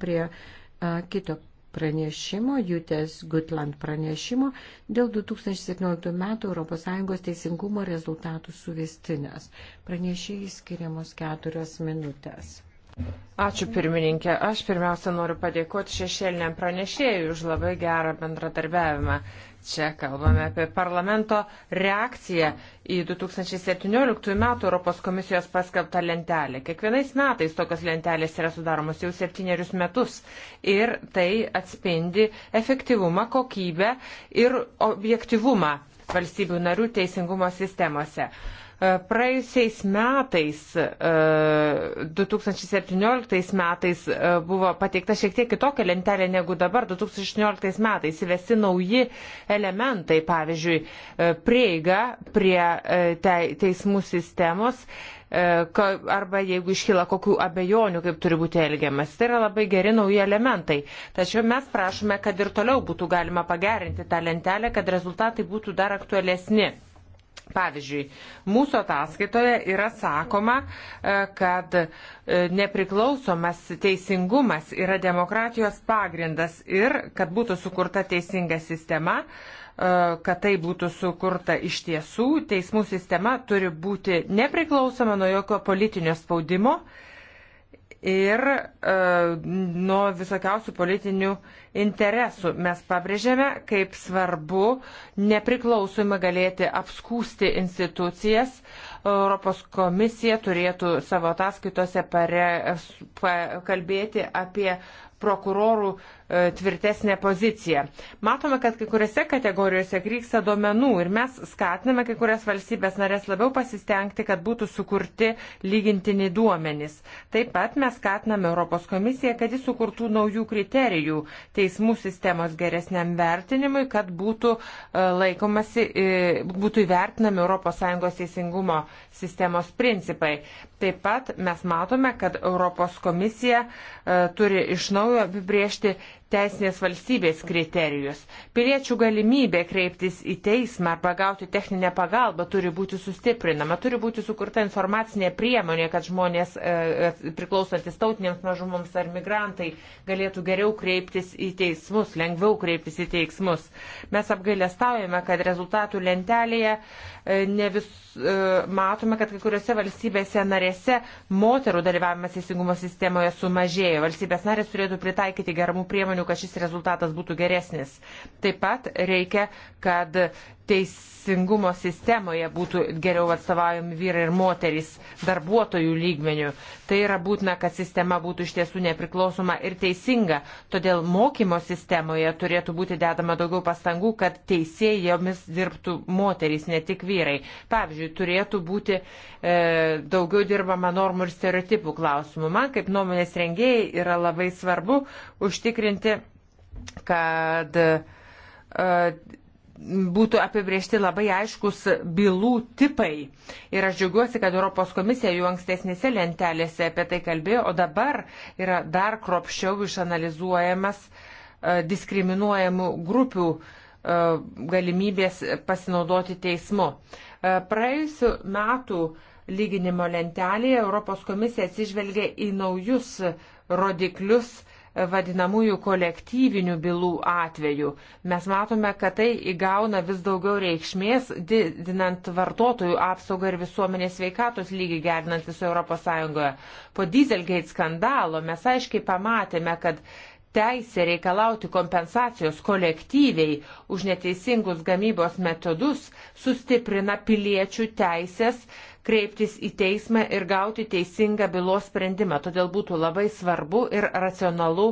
prie a, kito pranešimo, Jutės Gutland pranešimo dėl 2017 metų ES teisingumo rezultatų suvestinės. Pranešėjai skiriamos keturios minutės. Ačiū pirmininkė. Aš pirmiausia noriu padėkoti šešėliniam pranešėjui už labai gerą bendradarbiavimą. Čia kalbame apie parlamento reakciją į 2017 m. Europos komisijos paskelbtą lentelę. Kiekvienais metais tokios lentelės yra sudaromos jau septynerius metus ir tai atspindi efektyvumą, kokybę ir objektivumą valstybių narių teisingumo sistemose. Praėjusiais metais, 2017 e, metais e, buvo pateikta šiek tiek kitokia lentelė negu dabar, 2018 metais įvesti nauji elementai, pavyzdžiui, e, prieiga prie teismų sistemos arba jeigu iškyla kokių abejonių, kaip turi būti elgiamas. Tai yra labai geri nauji elementai. Tačiau mes prašome, kad ir toliau būtų galima pagerinti tą lentelę, kad rezultatai būtų dar aktualesni. Pavyzdžiui, mūsų ataskaitoje yra sakoma, e, kad e, nepriklausomas teisingumas yra demokratijos pagrindas ir kad būtų sukurta teisinga sistema, e, kad tai būtų sukurta iš tiesų, teismų sistema turi būti nepriklausoma nuo jokio politinio spaudimo ir e, nuo visokiausių politinių interesų. Mes pabrėžėme, kaip svarbu nepriklausomai galėti apskūsti institucijas. Europos komisija turėtų savo ataskaitose pare, pa, kalbėti apie prokurorų e, tvirtesnę poziciją. Matome, kad kai kuriuose kategorijose grįksta duomenų ir mes skatiname kai kurias valstybės narės labiau pasistengti, kad būtų sukurti lygintini duomenys. Taip pat mes skatiname Europos komisiją, kad jis sukurtų naujų kriterijų teismų sistemos geresniam vertinimui, kad būtų e, laikomasi, e, būtų įvertinami ES teisingumo sistemos principai. Taip pat mes matome, kad Europos komisija turi iš naujo naujo apibriežti teisinės valstybės kriterijus. Piliečių galimybė kreiptis į teismą arba gauti techninę pagalbą turi būti sustiprinama, turi būti sukurta informacinė priemonė, kad žmonės e, e priklausantis tautinėms mažumoms ar migrantai galėtų geriau kreiptis į teismus, lengviau kreiptis į teismus. Mes apgailestaujame, kad rezultatų lentelėje e, ne vis e, matome, kad kai kuriuose valstybėse narėse moterų dalyvavimas teisingumo sistemoje sumažėjo. Valstybės narės turėtų pritaikyti geramų priemonių priemonių, kad šis rezultatas būtų geresnis. Taip pat reikia, kad teisingumo sistemoje būtų geriau atstovaujami vyrai ir moterys darbuotojų lygmenių. Tai yra būtina, kad sistema būtų iš tiesų nepriklausoma ir teisinga. Todėl mokymo sistemoje turėtų būti dedama daugiau pastangų, kad teisėjomis dirbtų moterys, ne tik vyrai. Pavyzdžiui, turėtų būti e, daugiau dirbama normų ir stereotipų klausimų. Man kaip nuomonės rengėjai yra labai svarbu užtikrinti, kad e, būtų apibriešti labai aiškus bylų tipai. Ir aš džiaugiuosi, kad Europos komisija jų ankstesnėse lentelėse apie tai kalbėjo, o dabar yra dar kropščiau išanalizuojamas e, diskriminuojamų grupių e, galimybės pasinaudoti teismu. E, Praėjusiu metu lyginimo lentelėje Europos komisija atsižvelgė į naujus rodiklius vadinamųjų kolektyvinių bylų atveju. Mes matome, kad tai įgauna vis daugiau reikšmės, didinant vartotojų apsaugą ir visuomenės veikatos lygį gerinant visoje ES. Po Dieselgate skandalo mes aiškiai pamatėme, kad teisė reikalauti kompensacijos kolektyviai už neteisingus gamybos metodus sustiprina piliečių teisės kreiptis į teismą ir gauti teisingą bylos sprendimą. Todėl būtų labai svarbu ir racionalu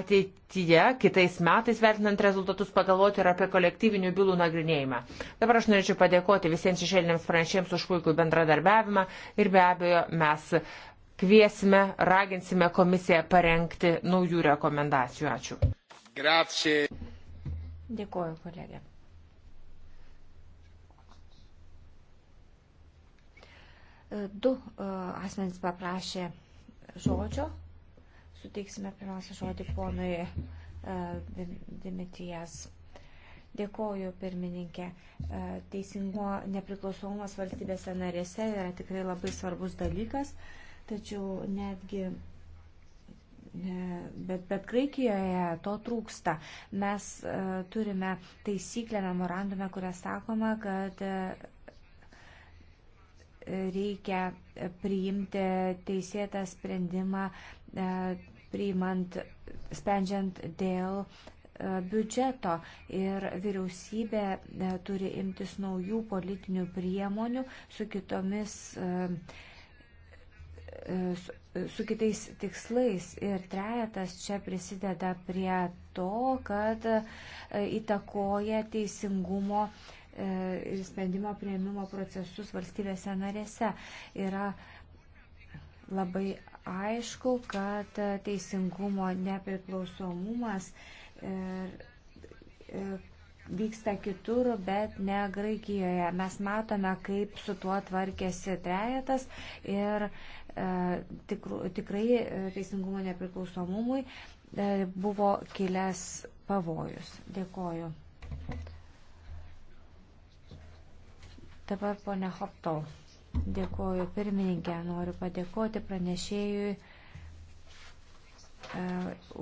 ateityje, kitais metais vertinant rezultatus, pagalvoti ir apie kolektyvinių bylų nagrinėjimą. Dabar aš norėčiau padėkoti visiems išėliniams pranešėjams už puikų bendradarbiavimą ir be abejo mes kviesime, raginsime komisiją parengti naujų rekomendacijų. Ačiū. Grazie. Dėkuoju, kolegė. Du e, asmenys paprašė žodžio. Suteiksime pirmiausia žodį ponui e, Dimitijas. Dėkoju, pirmininkė. E, teisingumo nepriklausomumas valstybėse narėse yra tikrai labai svarbus dalykas tačiau netgi Bet, bet Graikijoje to trūksta. Mes uh, turime taisyklę memorandume, kurią sakoma, kad uh, reikia priimti teisėtą sprendimą, e, priimant, sprendžiant dėl biudžeto ir vyriausybė turi imtis naujų politinių priemonių su kitomis E, su, su kitais tikslais. Ir trejetas čia prisideda prie to, kad e, įtakoja teisingumo e, ir sprendimo prieimimo procesus valstybėse narėse. Yra labai aišku, kad teisingumo nepriklausomumas ir, ir vyksta kitur, bet ne Graikijoje. Mes matome, kaip su tuo tvarkėsi trejetas ir e, tikru, tikrai e, teisingumo nepriklausomumui e, buvo kilęs pavojus. Dėkoju. Dabar ponia Hoptau. Dėkoju pirmininkė, noriu padėkoti pranešėjui e,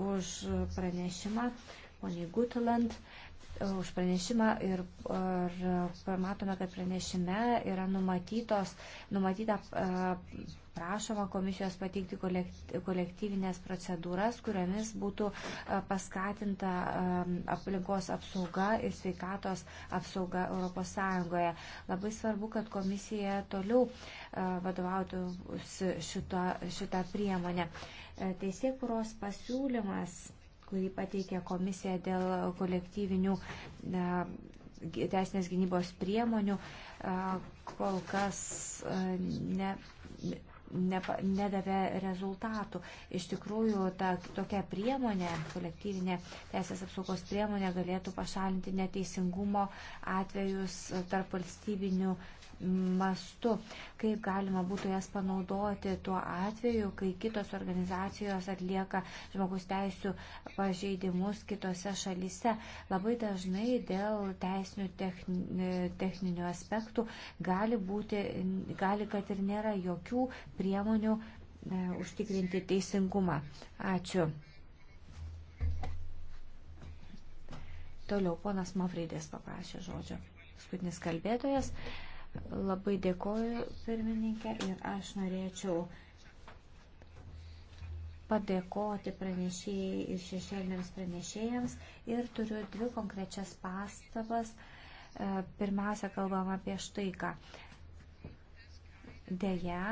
už pranešimą, poniai Gutland. E, už pranešimą ir, ir matome, kad pranešime yra numatytos, numatyta prašoma komisijos pateikti kolektyvinės procedūras, kuriomis būtų paskatinta aplinkos apsauga ir sveikatos apsauga ES. Labai svarbu, kad komisija toliau vadovautų šitą, šitą priemonę. Teisėkuros pasiūlymas kurį pateikė komisija dėl kolektyvinių teisinės gynybos priemonių, kol kas ne, ne, nedavė rezultatų. Iš tikrųjų, ta, tokia priemonė, kolektyvinė teisės apsaugos priemonė galėtų pašalinti neteisingumo atvejus tarp valstybinių mastu. Kaip galima būtų jas panaudoti tuo atveju, kai kitos organizacijos atlieka žmogus teisų pažeidimus kitose šalyse. Labai dažnai dėl teisinių techninių aspektų gali būti, gali, kad ir nėra jokių priemonių e, užtikrinti teisingumą. Ačiū. Toliau ponas Mavraidės paprašė žodžio. Skutinis kalbėtojas. E, Labai dėkoju, pirmininkė, ir aš norėčiau padėkoti pranešėjai ir šešėliniams pranešėjams ir turiu dvi konkrečias pastabas. E, pirmiausia, kalbam apie štai ką. Deja,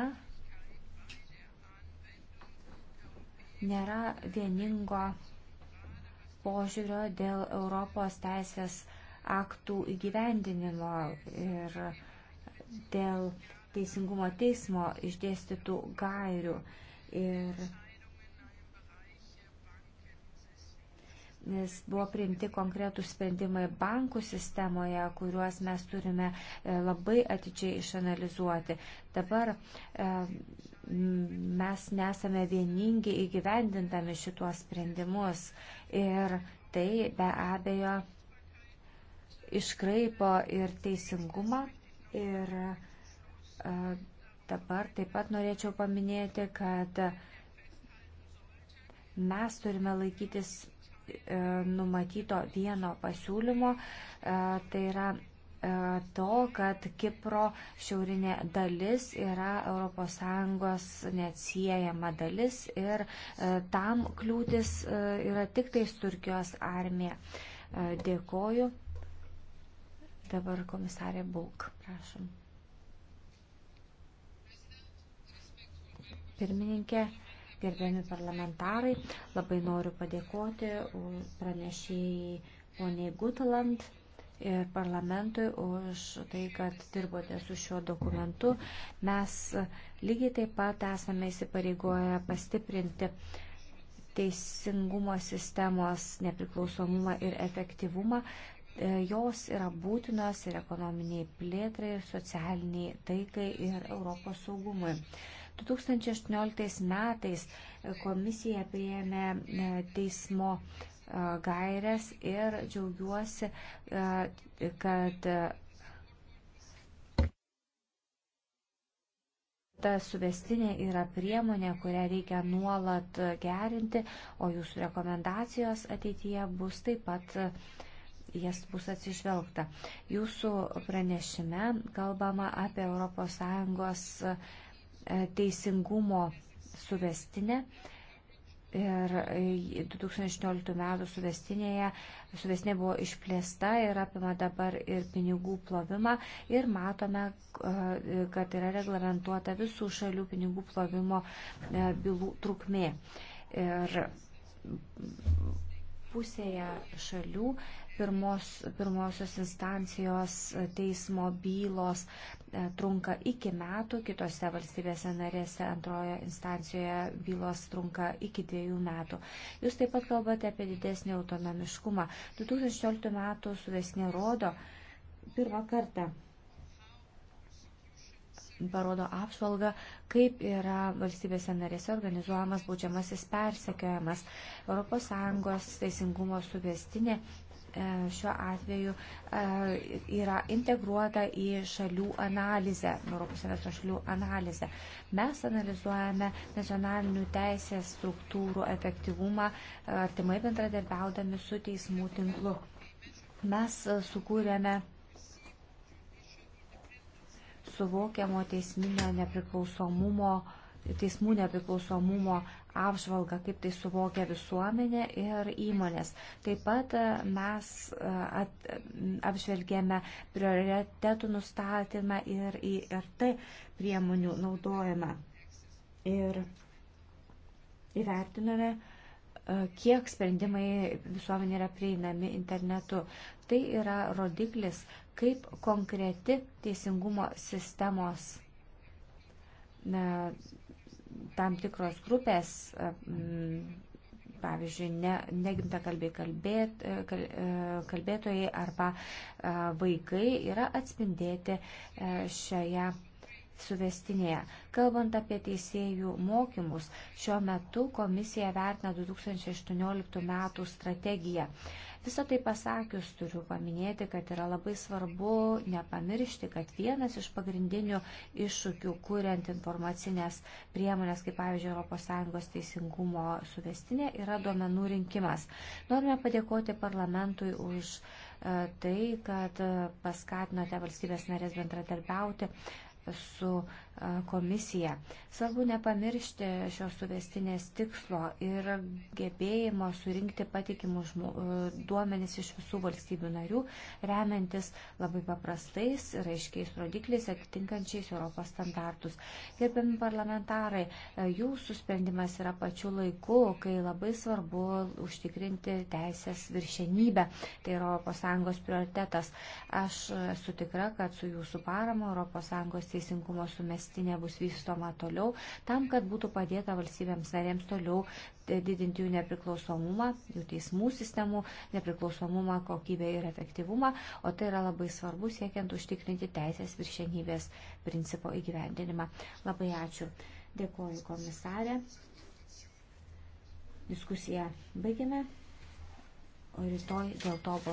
nėra vieningo požiūrio dėl Europos teisės aktų įgyvendinimo ir dėl Teisingumo teismo išdėstytų gairių. Ir nes buvo priimti konkretų sprendimai bankų sistemoje, kuriuos mes turime e, labai atidžiai išanalizuoti. Dabar e, mes nesame vieningi įgyvendintami šituos sprendimus ir tai be abejo iškraipo ir teisingumą Ir e, dabar taip pat norėčiau paminėti, kad mes turime laikytis e, numatyto vieno pasiūlymo, e, tai yra to, kad Kipro šiaurinė dalis yra ES neatsiejama dalis ir tam kliūtis yra tik tais Turkijos armija. Dėkoju. Dabar komisarė Bulk, prašom. Pirmininkė, gerbiami parlamentarai, labai noriu padėkoti pranešėjai poniai Gutland ir parlamentui už tai, kad dirbote su šiuo dokumentu. Mes lygiai taip pat esame įsipareigoję pastiprinti teisingumo sistemos nepriklausomumą ir efektyvumą E, jos yra būtinos ir ekonominiai plėtrai, ir socialiniai taikai ir Europos saugumui. 2018 metais komisija prieėmė e, teismo e, gairias ir džiaugiuosi, kad ta suvestinė yra priemonė, kurią reikia nuolat gerinti, o jūsų rekomendacijos ateityje bus taip pat jas bus atsižvelgta. Jūsų pranešime kalbama apie ES e, teisingumo suvestinę. Ir 2018 e, metų suvestinėje suvestinė buvo išplėsta ir apima dabar ir pinigų plovimą. Ir matome, e, kad yra reglamentuota visų šalių pinigų plovimo bylų trukmė. Ir pusėje šalių uh, pirmos, pirmosios instancijos e, teismo bylos e, trunka iki metų, kitose valstybėse narėse antrojo instancijoje bylos trunka iki dviejų metų. Jūs taip pat kalbate apie didesnį autonomiškumą. 2016 metų suvesnė rodo pirmą kartą parodo apžvalgą, kaip yra valstybėse narėse organizuojamas baudžiamasis persekiojimas. ES teisingumo suvestinė E, šiuo atveju e, yra integruota į šalių analizę, Europos semestro šalių analizę. Mes analizuojame nacionalinių teisės struktūrų efektyvumą e, artimai bendradarbiaudami su teismų tinklu. Mes sukūrėme suvokiamo teisminio nepriklausomumo uh, teismų nepriklausomumo apžvalgą, kaip tai suvokia visuomenė ir įmonės. Taip pat e, mes e, at, apžvelgėme prioritetų nustatymą ir IRT priemonių naudojimą. Ir įvertinome, e, kiek sprendimai visuomenė yra prieinami internetu. Tai yra rodiklis, kaip konkreti teisingumo sistemos na, tam tikros grupės, pavyzdžiui, ne, negimta kalbė kalbėt, e, kal, e, kalbėtojai arba vaikai yra atspindėti e, šioje suvestinėje. Kalbant apie teisėjų mokymus, šiuo metu komisija vertina 2018 metų strategiją. Visą tai pasakius turiu paminėti, kad yra labai svarbu nepamiršti, kad vienas iš pagrindinių iššūkių, kuriant informacinės priemonės, kaip pavyzdžiui ES teisingumo suvestinė, yra duomenų rinkimas. Norime padėkoti parlamentui už e, tai, kad e, paskatinote valstybės narės bendradarbiauti su komisija. Svarbu nepamiršti šios suvestinės tikslo ir gebėjimo surinkti patikimus duomenis iš visų valstybių narių, remiantis labai paprastais ir aiškiais rodikliais atitinkančiais Europos standartus. Gerbiami parlamentarai, jūsų sprendimas yra pačiu laiku, kai labai svarbu užtikrinti teisės viršenybę. Tai yra ES prioritetas. Aš esu tikra, kad su jūsų parama ES teisingumo sumės suvestinė bus vystoma toliau, tam, kad būtų padėta valstybėms narėms toliau didinti jų nepriklausomumą, jų teismų sistemų nepriklausomumą, kokybę ir efektyvumą, o tai yra labai svarbu siekiant užtikrinti teisės viršenybės principo įgyvendinimą. Labai ačiū. Dėkuoju komisarė. Diskusiją baigėme. O rytoj dėl to bus.